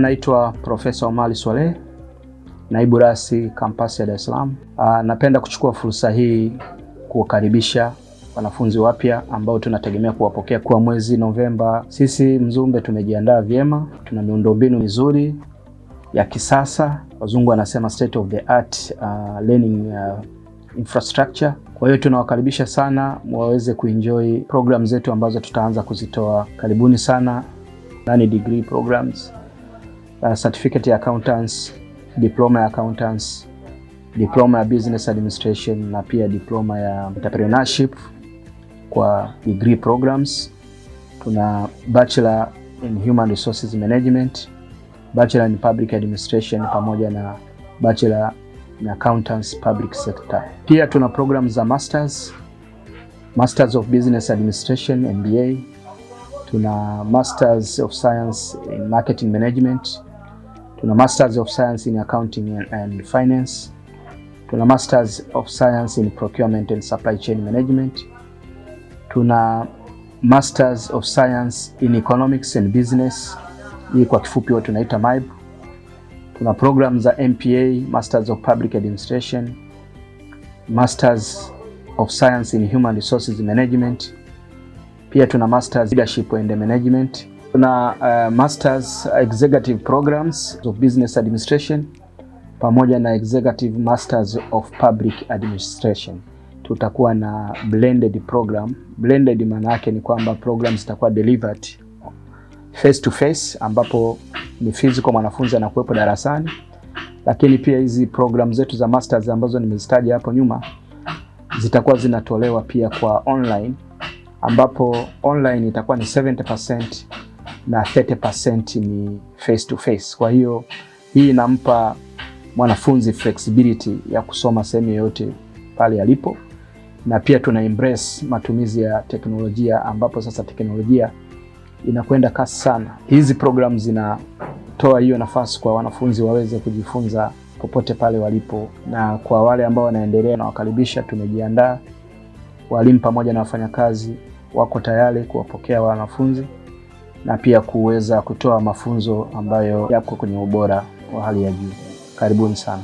Naitwa Profesa Omari Swaleh, naibu rasi kampasi ya Dar es Salaam. Ah, napenda kuchukua fursa hii kuwakaribisha wanafunzi wapya ambao tunategemea kuwapokea kwa mwezi Novemba. Sisi Mzumbe tumejiandaa vyema, tuna miundombinu mizuri ya kisasa, wazungu wanasema state of the art uh, learning uh, infrastructure. Kwa hiyo tunawakaribisha sana waweze kuenjoy program zetu ambazo tutaanza kuzitoa. Karibuni sana nani degree programs uh, certificate ya accountants, diploma ya accountants, diploma ya business administration na pia diploma ya entrepreneurship kwa degree programs. Tuna bachelor in human resources management, bachelor in public administration pamoja na bachelor in accountants public sector. Pia tuna programs za masters, masters of business administration MBA, tuna masters of science in marketing management tuna masters of science in accounting and finance, tuna masters of science in procurement and supply chain management, tuna masters of science in economics and business, hii kwa kifupi huwa tunaita MIB. Tuna programs za MPA, masters of public administration, masters of science in human resources management. Pia tuna masters leadership and management Tuna uh, masters executive programs of business administration pamoja na executive masters of public administration. Tutakuwa na blended program. Blended maana yake ni kwamba programs zitakuwa delivered face to face, ambapo ni physical mwanafunzi anakuwepo darasani, lakini pia hizi program zetu za masters ambazo nimezitaja hapo nyuma zitakuwa zinatolewa pia kwa online, ambapo online itakuwa ni 70% na 30% ni face to face. Kwa hiyo hii inampa mwanafunzi flexibility ya kusoma sehemu yoyote pale alipo, na pia tuna embrace matumizi ya teknolojia, ambapo sasa teknolojia inakwenda kasi sana. Hizi programu zinatoa hiyo nafasi kwa wanafunzi waweze kujifunza popote pale walipo, na kwa wale ambao wanaendelea na wakaribisha, tumejiandaa walimu pamoja na wafanyakazi wako tayari kuwapokea wanafunzi na pia kuweza kutoa mafunzo ambayo yako kwenye ubora wa hali ya juu. Karibuni sana.